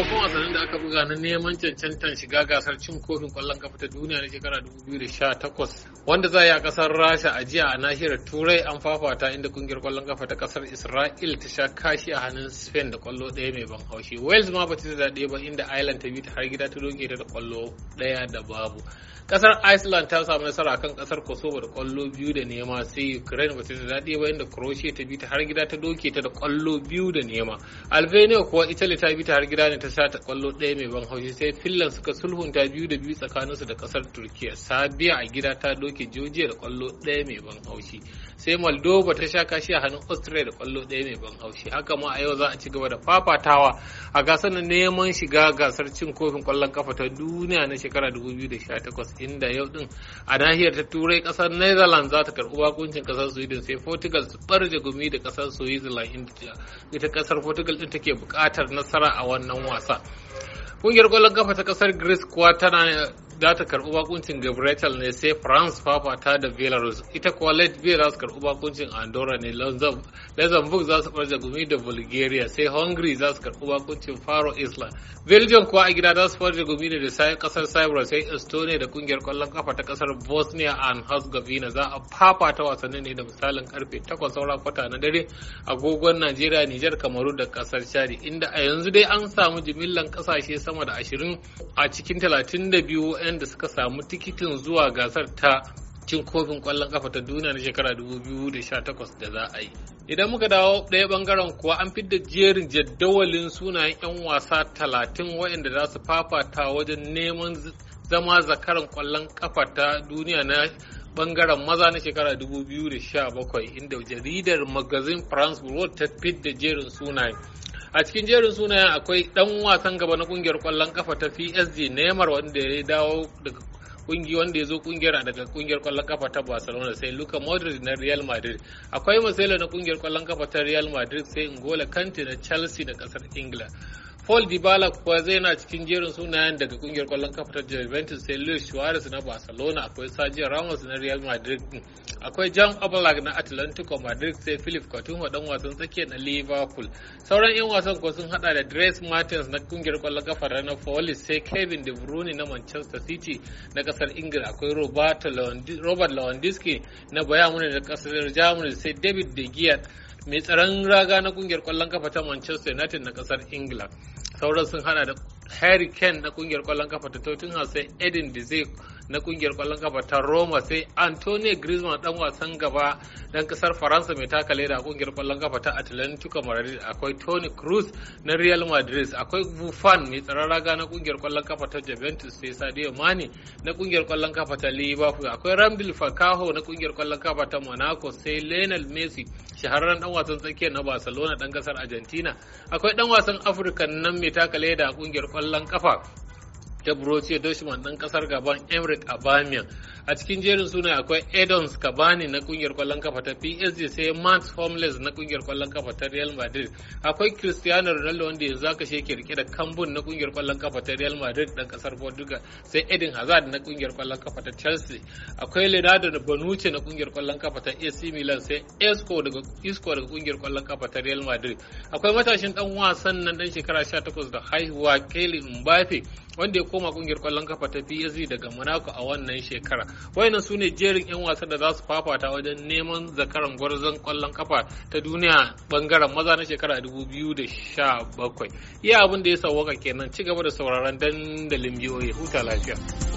sakamakon wasannin da aka buga na neman cancantar shiga gasar cin kofin kwallon kafa ta duniya na shekara 2018 wanda za a yi a kasar rasha a jiya a nahiyar turai an fafata inda kungiyar kwallon kafa ta kasar isra'il ta sha kashi a hannun spain da kwallo ɗaya mai ban haushi wales ma ba ta daɗe ba inda ireland ta bi ta har gida ta doke ta da kwallo ɗaya da babu kasar iceland ta samu nasara kan kasar kosovo da kwallo biyu da nema sai ukraine ba ta daɗe ba inda croatia ta bi ta har gida ta doke ta da kwallo biyu da nema albania kuwa italy ta bi ta har gida ne ta sata kwallo ɗaya mai ban haushi sai finland suka sulhunta biyu da biyu su da kasar turkiya sabiya a gida ta doke georgia da kwallo ɗaya mai ban haushi sai moldova ta sha kashi a hannun austria da kwallo ɗaya mai ban haushi haka ma a yau za a ci gaba da fafatawa a gasar neman shiga gasar cin kofin kwallon kafa ta duniya na shekara 2018 inda yau din a nahiyar ta turai kasar netherlands za ta karɓi bakuncin kasar sweden sai portugal su barje gumi da kasar switzerland inda ita kasar portugal din take buƙatar nasara a wannan wasa ƙungiyar ƙwallon kafa ta ƙasar greece kuwa tana za ta karɓi bakuncin gabriel ne sai france ta da belarus ita kuwa late belarus karɓi bakuncin andorra ne luxembourg za su farja gumi da bulgaria sai hungary za su karɓi bakuncin faro isla. belgium kuwa a gida za su farja gumi da kasar cyprus sai estonia da kungiyar kwallon kafa ta kasar bosnia and herzegovina za a ta wasanni ne da misalin karfe 8 saura kwata na dare agogon nigeria nijar kamaru da kasar chadi inda a yanzu dai an samu jimillan kasashe sama da ashirin a cikin talatin da biyu. da suka samu tikitin zuwa gasar ta cin kofin ƙwallon kafa ta duniya na shekara 2018 da za a yi idan muka dawo ɗaya ɓangaren kuwa an fidda jerin jadawalin sunayen 'yan wasa 30 waɗanda za su fafata wajen neman zama zakaran kwallon kafa ta duniya na bangaren maza na shekara 2017 inda jaridar magazin france world ta fidda jerin sunayen. a cikin jerin sunayen akwai dan wasan gaba na kungiyar kwallon kafa ta PSG Neymar wanda ya dawo daga kungiyar wanda ya zo kungiyar daga kungiyar kwallon kafa ta Barcelona sai Luka Modric na Real Madrid akwai masala na kungiyar kwallon kafa ta Real Madrid sai N'Golo kanti na Chelsea na kasar Ingila Paul Dybala kuwa zai na cikin jerin sunayen daga kungiyar kwallon kafa ta Juventus sai Luis Suarez na Barcelona akwai Sergio Ramos na Real Madrid akwai John Oblak na Atlantico Madrid sai Philip Coutinho dan wasan tsakiya na Liverpool sauran yan wasan kuwa sun hada da Dres Martins na kungiyar kwallon kafa na Napoli sai Kevin De Bruyne na Manchester City na kasar Ingila akwai Robert Lewandowski na Bayern Munich na kasar Germany sai David De Gea mai tsaron raga na kungiyar kwallon kafa ta manchester united na kasar England, sauran sun hada da harry kane na kungiyar kwallon kafa ta tottenham sai edin dzeko na kungiyar kwallon kafa ta Roma sai Antonio Griezmann dan wasan gaba dan kasar Faransa mai taka leda a kungiyar kwallon kafa ta Atlantico Madrid akwai Toni Kroos na Real Madrid akwai Buffon mai tsaron raga na kungiyar kwallon kafa ta Juventus sai Sadio Mane na kungiyar kwallon kafa ta Liverpool akwai Ramdil Fakaho na kungiyar kwallon kafa ta Monaco sai Lionel Messi shahararren dan wasan tsakiya na Barcelona dan kasar Argentina akwai dan wasan Afirka nan mai taka leda a kungiyar kwallon kafa ta Borussia Dortmund ɗan kasar gaban Emirates Aubameyang a cikin jerin suna akwai Edons Cavani na kungiyar kwallon kafa ta PSG sai Mats Hummels na kungiyar kwallon kafa ta Real Madrid akwai Cristiano Ronaldo wanda yanzu aka shi rike da kambun na kungiyar kwallon kafa ta Real Madrid dan kasar Portugal sai Eden Hazard na kungiyar kwallon kafa ta Chelsea akwai Leonardo Bonucci na kungiyar kwallon kafa ta AC Milan sai Isco daga Isco daga kungiyar kwallon kafa ta Real Madrid akwai matashin dan wasan nan dan shekara 18 da haihuwa Kylian Mbappe wanda ya koma kungiyar kwallon kafa ta PSV daga Monaco a wannan shekara. Wayannan su ne jerin 'yan wasan da za su fafata wajen neman zakaran gwarzon kwallon kafa ta duniya bangaren maza na shekara 2017. Iya abin da ya sauwaka kenan ci gaba da sauraron dandalin biyoyi huta lafiya.